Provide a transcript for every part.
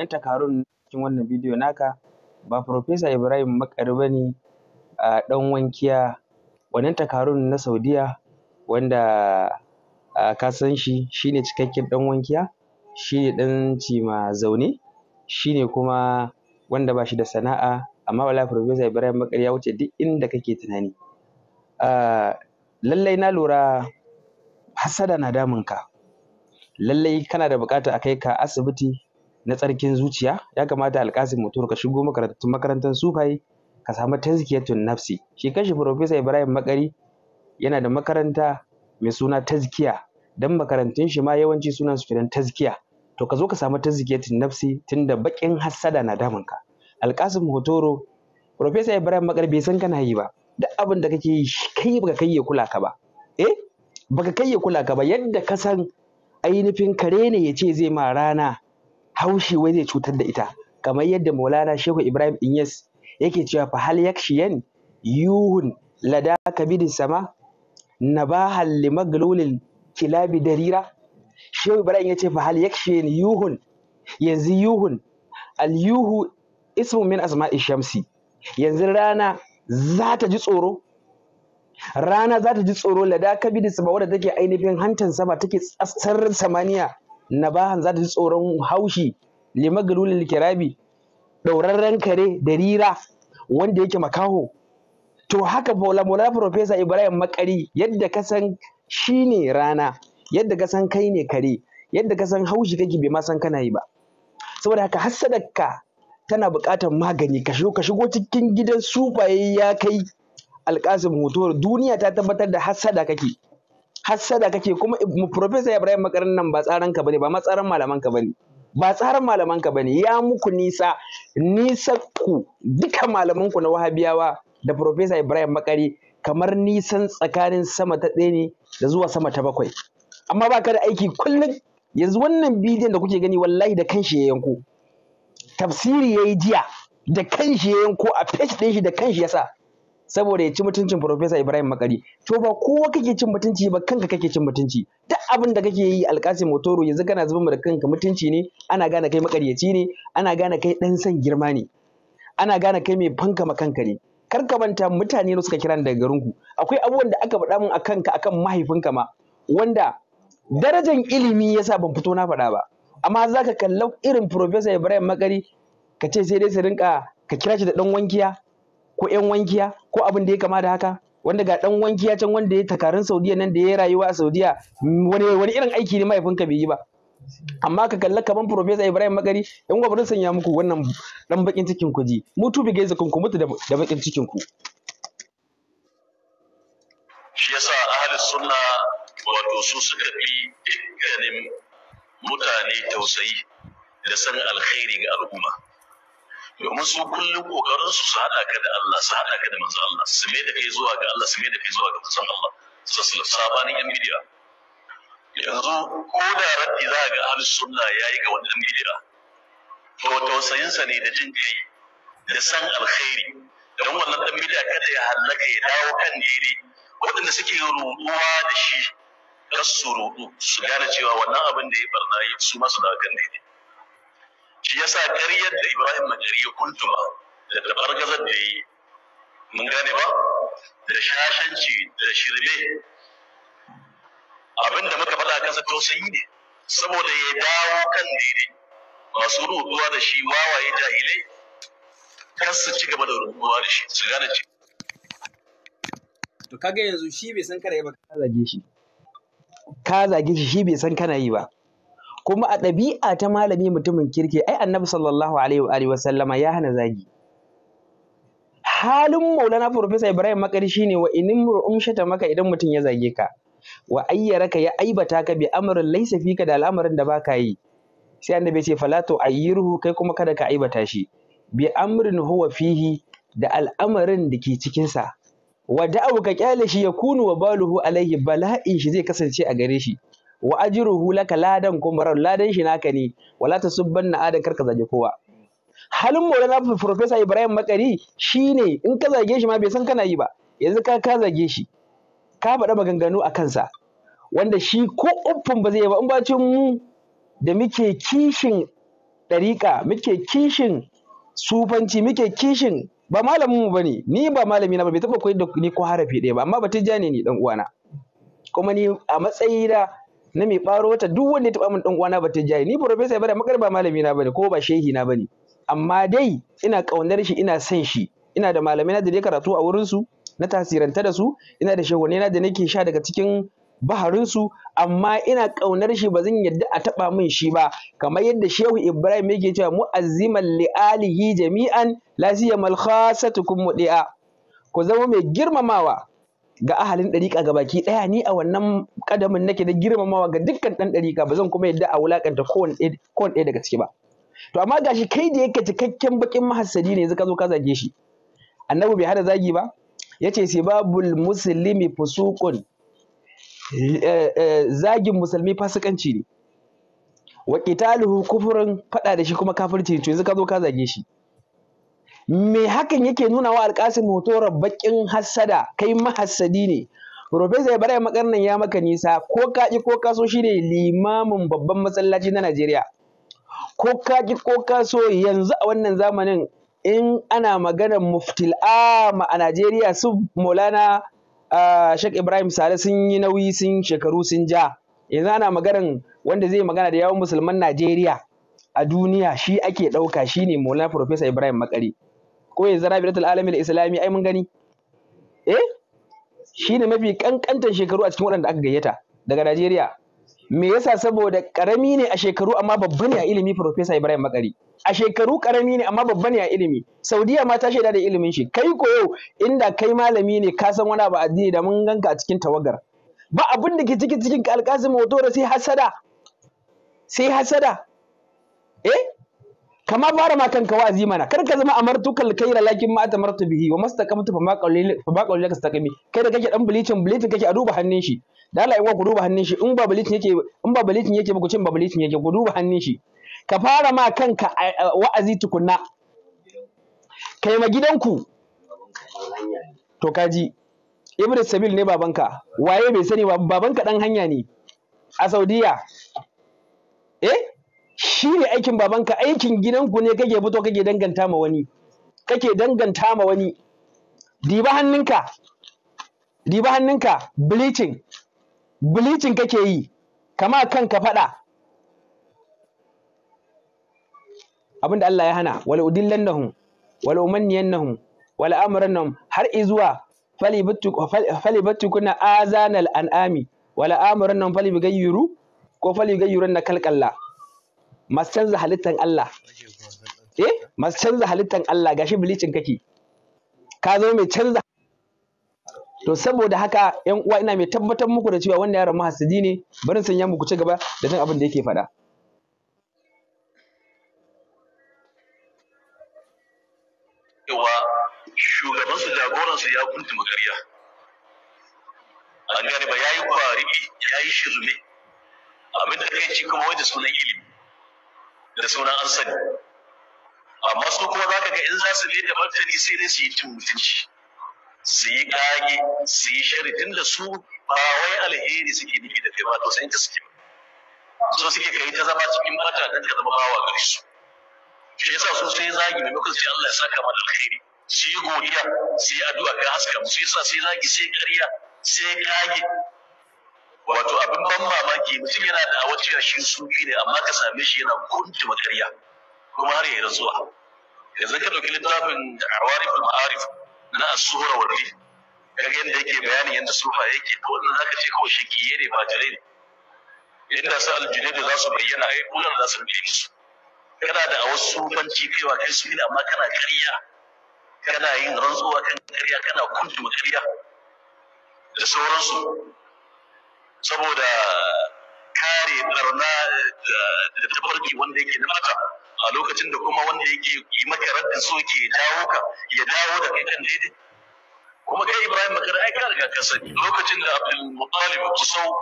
yan takarun cikin wannan bidiyo naka ba Profesa Ibrahim Makari ba ne a ɗan wankiya wannan takarun na Saudiya wanda ka san shi shine cikakken ɗan wankiya shi ne ɗan cima zaune shi ne kuma wanda ba shi da sana'a amma wala Profesa Ibrahim Makari ya wuce duk inda kake tunani. Lallai na lura hasada na damunka. Lallai kana da bukata a kai ka asibiti na tsarkin zuciya ya kamata alkasim mutum ka shigo makarantun makarantar sufai ka samu tazkiyatun nafsi shi kanshi profesa ibrahim makari yana da makaranta mai suna tazkiya don makarantun shi ma yawanci sunan su kiran tazkiya to ka zo ka samu tazkiyatun nafsi tun da bakin hassada na damun ka alkasim hotoro profesa ibrahim makari bai san kana yi ba duk abin da kake yi kai baka kai ya kula ka ba eh baka kai ya kula ka ba yadda ka san ainihin kare ne ya ce zai ma rana haushi wai zai cutar da ita kamar yadda maulana shehu ibrahim inyas yake cewa fa hal yakshiyan yuhun lada kabidin sama halli maglulin kilabi darira shehu ibrahim ya ce fa hal yakshiyan yuhun yanzu yuhun al yuhu ismu min asma'i shamsi yanzu rana za ta ji tsoro rana za ta ji tsoro lada kabidin sama wadda take ainihin hantan sama take tsarin samaniya nabahan za ta ji tsoron haushi limagalulil likirabi ɗaurarren kare da rira wanda yake makaho to haka bola bola professor ibrahim makari yadda ka san shi ne rana yadda ka san kai ne kare yadda ka san haushi kake bai ma san kana yi ba saboda haka ka tana buƙatar magani ka shigo cikin gidan sufaye ya kai alƙasim hoto duniya ta tabbatar da hassada kake hassada kake kuma professor Ibrahim Makarin nan ba tsaran ka bane ba matsaran malaman ka bane ba tsaran malaman ka bane ya muku nisa nisa ku duka malaman ku na wahabiyawa da professor Ibrahim Makari kamar nisan tsakanin sama ta ɗaya ne da zuwa sama ta bakwai amma ba ka da aiki kullum yanzu wannan bidiyon da kuke gani wallahi da kanshi ya yanko tafsiri ya yi jiya da kanshi ya yanko a page ɗin shi da kanshi ya sa saboda ya ci mutuncin Profesa Ibrahim Makari to ba kowa kake cin mutunci ba kanka kake cin mutunci duk abin da kake yi Alkasi motoro yanzu kana zuba da kanka mutunci ne ana gane kai makaryaci ne ana gane kai dan san girma ne ana gane kai mai fanka ma kanka ne kar ka manta mutane ne suka kira ni daga ku akwai abubuwan da aka faɗa min akan ka akan mahaifinka ma wanda darajan ilimi yasa ban fito na faɗa ba amma za ka kalla irin Profesa Ibrahim Makari ka ce sai dai su rinka ka kira shi da ɗan wankiya ko ƴan wankiya ko abin da ya kama da haka wanda ga dan wangiya can wanda ya takarun Saudiya nan da ya rayuwa a Saudiya wani irin aiki ne mahaifinka bai yi ba amma ka kalla kaman Professor Ibrahim Makari yan gwabarin sanya muku wannan dan bakin cikin ku ji mutu bi gaiza ku mutu da bakin cikin ku shi yasa ahli sunna wato su suka bi ganin mutane tausayi da san alkhairi ga al'umma domin su kullum kokarin su haɗa ka da Allah su haɗa ka da manzon Allah su mai da kai zuwa ga Allah su mai da kai zuwa ga manzon Allah su su sabanin yan bidiya yanzu ko da raddi za ga ahlus sunna yayi ga wannan bidiya to tausayinsa ne da jin kai da san alkhairi don wannan dan bidiya kada ya hallaka ya dawo kan jiri waɗanda suke ruɗuwa da shi kar su ruɗu su gane cewa wannan abin da ya barna su masu da kan daidai shi yasa ƙaryar da Ibrahim Najari ya kuntuma da tabargazar da yi mun gane ba da shashanci da shirme abinda muka faɗa kansa tausayi ne saboda ya dawo kan daidai masu rubuwa da shi wawaye jahilai kan su ci gaba da rubuwa da shi su gane ci to kaga yanzu shi bai san kana yi ba ka zage shi ka zage shi shi bai san kana yi ba kuma a ɗabi'a ta malami mutumin kirki ai annabi sallallahu alaihi wa sallama ya hana zagi halin maulana profesa ibrahim makari shine wa inin mur'um umshata maka idan mutum ya zage ka wa ayyaraka ya aibata ka bi amrin laysa fika da al'amarin da baka yi sai annabi ce fala ayyiruhu kai kuma kada ka aibata shi bi amrin huwa fihi da al'amarin da ke cikinsa. sa wa da'u ka kyale shi ya kunu wa baluhu alaihi bala'in shi zai kasance a gare shi wa ajruhu laka ladan kumbaran ladan shi naka ne wala tasubbanna adan karka zage kowa halin Maulana Professor Ibrahim Makari shine in ka zage shi ma bai san kana yi ba yanzu ka ka zage shi ka faɗa maganganu a kansa wanda shi ko uffin ba zai yi ba in bacin mu da muke kishin ɗariƙa muke kishin sufanci muke kishin ba malamin mu bane ni ba malami na ba bai taɓa koyi da ni ko harafi ɗaya ba amma ba tijjani ni dan uwana kuma ni a matsayina na mai ɓaro wata duk wanda ya taɓa min ɗan uwana ba ta jaye ni professor ba da makar ba malami na bane ko ba shehi na bane amma dai ina ƙaunar shi ina son shi ina da malamai na da ne karatu a wurin su na tasiranta da su ina da shehunai na da nake sha daga cikin baharinsu. amma ina ƙaunar shi ba zan yadda a taɓa min shi ba kamar yadda shehu ibrahim yake cewa mu'azziman li alihi jami'an la siyamal khasatukum mudi'a ku zama mai girmamawa ga ahalin ɗariƙa ga baki ɗaya ni a wannan ƙadamin nake da girmamawa ga dukkan ɗan ɗariƙa ba zan kuma yadda a wulaƙanta kowane ɗaya daga ciki ba to amma gashi kai da yake cikakken baƙin mahassadi ne ka zo ka zage shi annabi bai hada zagi ba yace babul muslimi fusuqun eh, eh, zagin musulmi fasikanci ne wa kitaluhu kufrun fada da shi kuma kafirci to yanzu ka zo ka zage shi me hakan yake nuna wa alƙasim hoto baƙin hassada kai mahassadi ne Profesa Ibrahim Makarnan ya maka nisa ko ka ko ka so shine limamin babban masallaci na Najeriya ko ka ko ka yanzu a wannan zamanin in ana maganar muftil ama a Najeriya su Maulana Sheikh Ibrahim Sale sun yi nauyi sun shekaru sun ja yanzu ana maganar wanda zai magana da yawan musulman Najeriya a duniya shi ake ɗauka shi ne Maulana Profesa Ibrahim Makari ko yanzu biyar da islami ai mun gani eh shi ne mafi kankantan shekaru a cikin waɗanda aka gayyata daga Najeriya me yasa saboda karami ne a shekaru amma babba ne a ilimi Professor Ibrahim Makari a shekaru karami ne amma babba ne a ilimi Saudiya ma ta shaida da ilimin shi kai ko yau inda kai malami ne ka san wani abu a addini da mun ganka a cikin tawagar ba abin da ke cikin cikin alƙasim hoto da sai hasada sai hasada eh kama fara ma kanka wa'azi mana kar ka zama amartukal kaira lakin ma tamartu bihi wa mastaqamtu fa ma qawli fa ma qawli ka istaqimi kai da kake dan bleaching bleaching kake a duba hannun shi da Allah yawa ku duba hannun shi in ba bleaching yake in ba bleaching yake ba ku cin ba bleaching yake ku duba hannun shi ka fara ma kanka wa'azi tukunna kai ma gidanku to kaji Ibn Sabil ne babanka waye bai sani ba babanka dan hanya ne a Saudiya eh shi ne aikin babanka aikin gidanku ne kake fito kake danganta ma wani kake danganta ma wani diba hannunka diba hannunka bleaching bleaching kake yi kama kanka faɗa abinda Allah ya hana wal udillannahum wal umanniyannahum wal amrannahum har izuwa falibattu kuna azanal an'ami wal amrannahum falibigayyiru ko falibigayyiran na kalkalla masu canza halittan Allah eh masu canza halittan Allah gashi bilicin kake ka zo mai canza to saboda haka yan uwa ina mai tabbatar muku da cewa wanda ya rama hasidi ne barin sanya muku ci gaba da jin abin da yake faɗa cewa shugabansu jagoransu ya kunti magariya an gane ba ya yi kwari ya yi shirme abin da kai ci kuma wajen sunan ilimi da sunan an sani amma su kuma za ka ga in za su mai da martani sai dai su yi cin mutunci su yi ƙage su yi shari tun da su ba wai alheri suke nufi da kai ba to sai ta suke so suke kai ta zama cikin mata dan ka zama bawa gare su shi yasa su sai zagi lokacin da Allah ya saka mana alheri su yi godiya su yi addu'a ga haska su yasa sai zagi sai ƙarya sai ƙage wato abin ban mamaki mutum yana da wacce shi sufi ne amma ka same shi yana kuntuma makarya, kuma har yi rantsuwa yanzu ka ɗauki littafin awariful ma'arif na as-suhra wal kaga yadda yake bayanin yadda sufa yake to wannan zaka ce kawai shakiye ne ba jire ne sa su da za su bayyana ai kullum za su rufe musu kana da a wasu sufanci kaiwa kai su ne amma kana ƙarya kana yin rantsuwa kan ƙarya kana kuntuma makarya? da sauransu saboda kare barna da tafarki wanda yake na mata a lokacin da kuma wanda yake yi maka raddin so ke dawo ka ya dawo da kai kan daidai kuma kai Ibrahim Bakar ai ka riga ka sani lokacin da Abdul Muttalib Kusau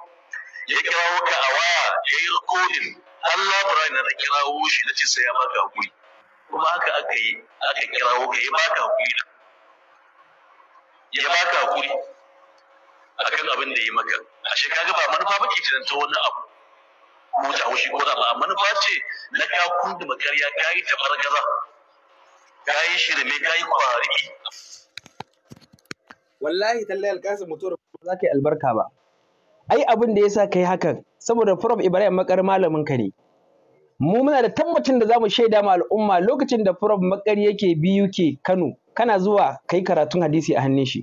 ya kirawo ka a waya ya yi rikodin Allah Ibrahim na kirawo shi na ce sai ya maka hakuri kuma haka aka yi aka kirawo ka ya maka hakuri ya maka hakuri akan abin da yi maka ashe kaga ba manufa ba ke ta wani abu ta wushi ko da ba manufa ce na ka kundu makarya ka yi gaza, ka yi shirme ka yi kwari wallahi tallahi alkasim mutuwar ba za ka yi albarka ba ai abin da yasa kai hakan saboda prof ibrahim makar malamin ka ne mu muna da tabbacin da zamu shaida ma al'umma lokacin da prof makar yake biyu ke kano kana zuwa kai karatun hadisi a hannun shi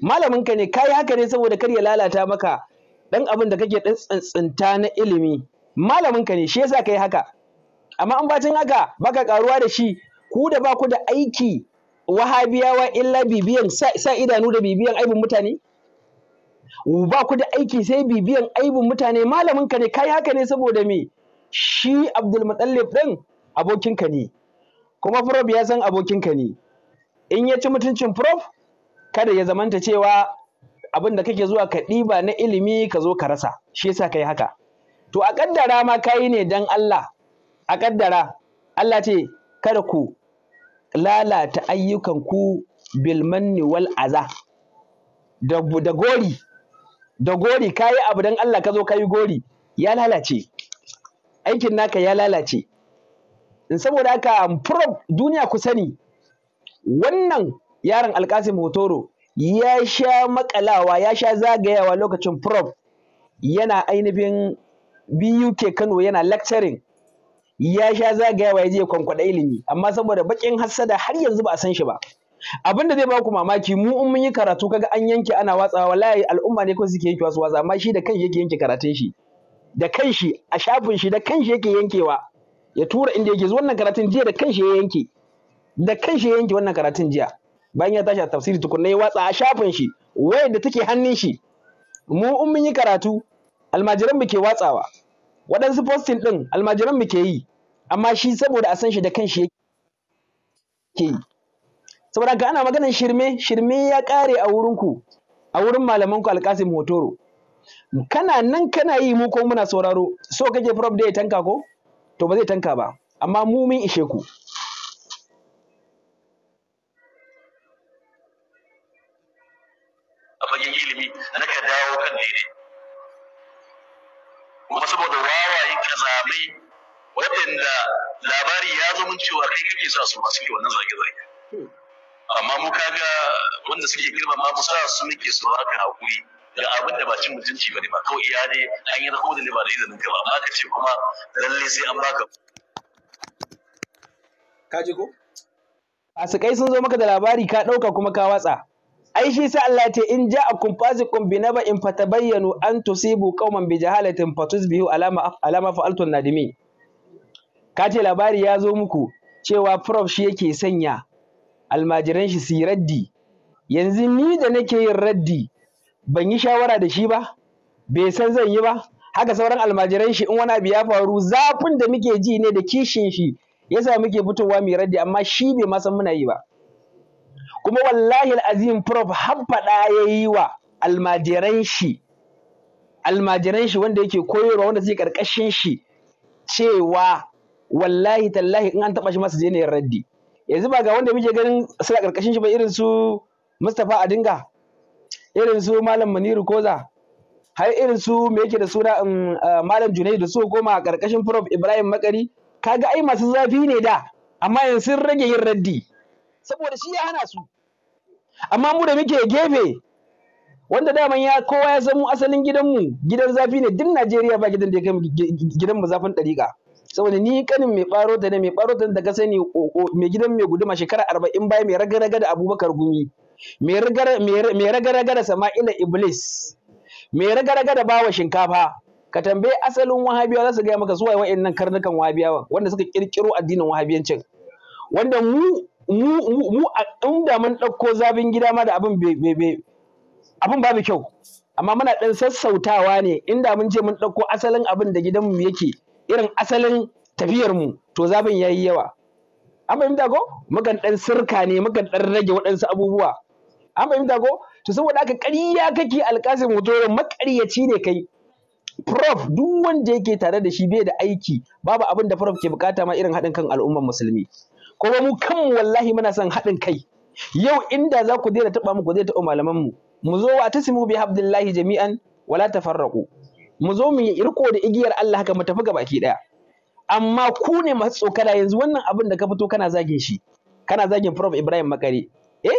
malamin ka ne kai haka ne saboda kar ya lalata maka dan abin da kake dan tsintsinta na ilimi malamin ka ne shi yasa kai haka amma an bacin haka baka karuwa da shi ku da ba ku da aiki wahabiyawa illa bibiyan sa idanu da bibiyan aibin mutane ba ku da aiki sai bibiyan aibin mutane malamin ka ne kai haka ne saboda me shi Abdul Muttalib din abokin ka ne kuma prof ya san abokin ka ne in ya ci mutuncin prof kada ya zamanta cewa abin da kake zuwa ka ɗiba na ilimi ka zo ka rasa shi yasa kai haka to a kaddara ma kai ne dan Allah a kaddara Allah ce kada ku lalata ayyukan ku bil manni wal aza da da gori da gori kayi abu dan Allah ka zo kayi gori ya lalace aikin naka ya lalace In saboda haka duniya ku sani wannan yaron alkasim hotoro ya sha makalawa ya sha zagayawa lokacin prof yana ainihin BUK Kano yana lecturing ya sha zagayawa ya je kwankwada ilimi amma saboda bakin hassada har yanzu ba a san shi ba abin da zai ba ku mamaki mu in mun yi karatu kaga an yanke ana watsawa wallahi al'umma ne ko suke yanke wasu? watsa amma shi da kanshi yake yanke karatun shi da kanshi a shafin shi da kanshi yake yankewa ya tura inda yake wannan karatun jiya da kanshi ya yanke da kanshi ya yanke wannan karatun jiya bayan ya tashi a tafsiri tukunna ya watsa a shafin shi wayanda da take hannun shi mu in mun yi karatu almajiran mu ke watsawa waɗansu postin ɗin almajiran mu ke yi amma shi saboda a san shi da kanshi yake yi saboda ka ana maganar shirme shirme ya kare a wurinku a wurin ku alƙasim hotoro kana nan kana yi mu ko muna sauraro so kake prof da ya tanka ko to ba zai tanka ba amma mu mun ishe ku fagen ilimi na ka dawo kan daidai kuma saboda wawaye kazamai waɗanda labari ya zo mun cewa kai kake sa su masu ke wannan zage-zage amma mu kaga wanda suke girma mu sa su muke su haka hakuri ga abin da ba cin mutunci bane ba kawai iya ne an yi rahoton ne ba da izinin ka ba amma ka ce kuma lalle sai an baka ka ji ko a sun zo maka da labari ka ɗauka kuma ka watsa ai shi sai Allah ya ce in ja'akum fasiqun bi naba'in fatabayyanu an tusibu qauman bi jahalatin fatusbihu alama alama fa'altun nadimi ka ce labari ya zo muku cewa prof shi yake sanya almajiran shi su yi raddi yanzu ni da nake yin raddi ban yi shawara da shi ba bai san zan yi ba haka sauran almajiran shi in wani abu ya faru zafin da muke ji ne da kishin shi yasa muke fitowa mai raddi amma shi bai ma san muna yi ba kuma wallahi azim prof hamfada ya yi wa almajiran shi almajiran shi wanda yake koyarwa wanda zai karkashin shi cewa wallahi tallahi in an taba shi masu je ne raddi yanzu ba ga wanda muke ganin su suna karkashin shi ba irin su Mustapha Adinga irin su Malam Maniru Koza har irin su me yake da suna um, uh, Malam Junai da su goma karkashin Prof Ibrahim Makari kaga ai masu zafi ne da amma yanzu sun rage yin raddi saboda shi ya hana su amma mu da muke gefe wanda daman ya kowa ya san asalin asalin gidanmu gidan zafi ne duk Najeriya ba gidan da ya kai gidan mu zafin ɗariƙa saboda ni kanin mai ɓaro da ne mai ɓaro da daga sani mai gidan mai guduma shekara arba'in baya mai raga-raga da abubakar gumi mai raga-raga da sama'ila iblis mai raga-raga da bawa shinkafa ka tambayi asalin wahabiyawa za su gaya maka zuwa wa'annan karnukan wahabiyawa wanda suka kirkiro addinin wahabiyancin wanda mu mu a inda mun ɗauko zabin gida ma da abin abin babu kyau amma muna ɗan sassautawa ne inda mun je mun ɗauko asalin abin da gidanmu yake irin asalin tafiyar mu to zabin yi yawa an fahimta ko mukan ɗan sirka ne mukan ɗan rage waɗansu abubuwa an fahimta ko to saboda haka ƙarya kake alƙasim hotoro maƙaryaci ne kai prof duk wanda yake tare da shi bai da aiki babu abin da prof ke bukata ma irin haɗin kan al'ummar musulmi kuma mu kanmu wallahi muna son haɗin kai yau inda za ku daina taɓa mu ku zai taɓa malaman mu mu zo wa simu bi habdillahi jami'an wala tafarraqu mu zo mu yi irko da igiyar Allah haka mu tafi gabaki ɗaya. amma ku ne masu tsokana yanzu wannan abin da ka fito kana zagin shi kana zagin Prof Ibrahim Makare eh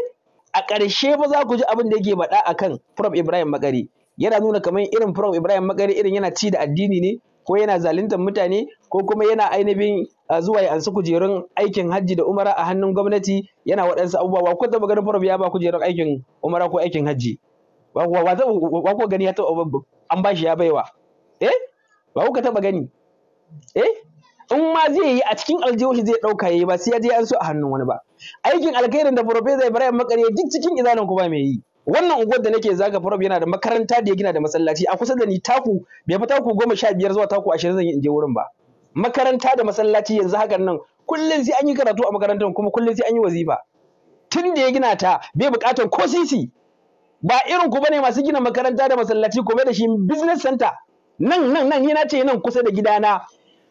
a ƙarshe ba za ku ji abin da yake faɗa akan Prof Ibrahim Makare yana nuna kamar irin Prof Ibrahim Makare irin yana ci da addini ne ko yana zaluntar mutane ko kuma yana ainihin zuwa ya ansa kujerun aikin hajji da umara a hannun gwamnati yana waɗansu abubuwa wa ko taɓa ganin prof ya ba kujerun aikin umara ko aikin hajji wa ko gani ya taɓa an ba shi ya baiwa eh ba kuka taɓa gani eh in ma zai yi a cikin aljihohi zai ɗauka ya yi ba sai ya je an so a hannun wani ba aikin alkhairin da profesa Ibrahim Makare duk cikin izanin ku ba mai yi wannan unguwar da nake zaga prof yana da makaranta da ya gina da masallaci a kusa da ni taku bai fi taku goma sha biyar zuwa taku ashirin zan yi in je wurin ba makaranta da masallaci yanzu hakan nan kullum sai an yi karatu a makarantar kuma kullum sai an yi wazifa tun da ya gina ta bai buƙatar ko sisi ba irin ku bane masu gina makaranta da masallaci ko da shi business center nan nan nan yana ce nan kusa da gidana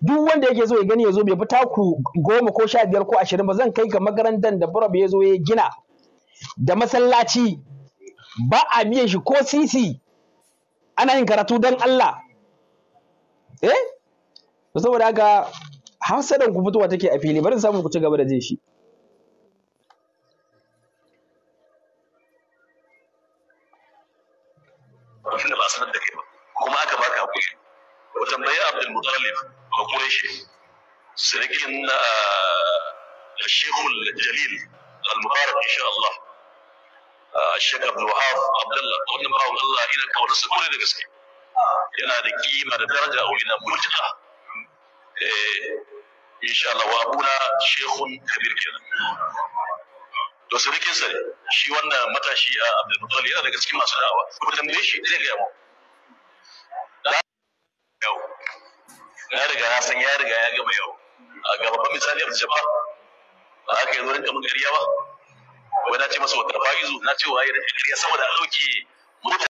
duk wanda yake so ya gani ya zo bai fita ku goma ko sha biyar ko ashirin ba zan kai ka makarantar da Barab ya zo ya gina da masallaci ba a biyan shi ko sisi ana yin karatu don Allah eh saboda haka hasadan ku fitowa take a fili bari samu ku ci gaba da jin shi ba sanar da kai ba kuma aka baka hakuri Ku tambayi Abdul Muttalib ba Quraishi sirikin الشيخ ah, Jalil al ان شاء الله الشيخ عبد الوهاب عبد الله wannan bawon Allah ina kawo nasa kore da gaske yana da kima da daraja a wurina murtala Eh, insha Allah wa abuna shehun kabir kenan to surukin sa shi wannan matashi a ah, Abdul Muttalib yana daga cikin masu da'awa ku tambaye shi zai ga mu yau na riga na san ya riga ya gama yau a ga babban misali Abdul Jabbar ba aka yi zurin kamar ƙarya ba wai na ce masa wata fa'izu na ce wa ya ƙarya sama da ɗauke